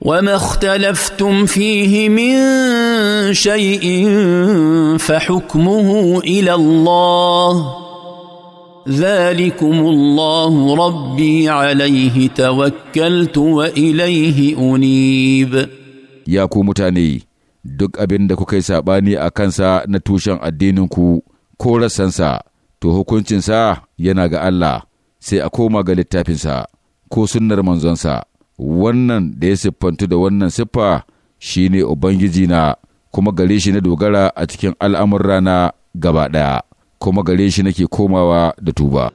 وما اختلفتم فيه من شيء فحكمه الى الله ذلكم الله ربي عليه توكلت واليه انيب يا ku mutane duk abin da kuka yi saɓani a kansa na tushen addininku ko rassansa to hukuncinsa yana ga Allah sai a koma ga littafinsa ko sunnar manzonsa wannan da ya siffantu da wannan siffa shi ne Ubangiji na, kuma gare shi na dogara a cikin al'amurrana gaba ɗaya, kuma gare shi nake komawa da tuba.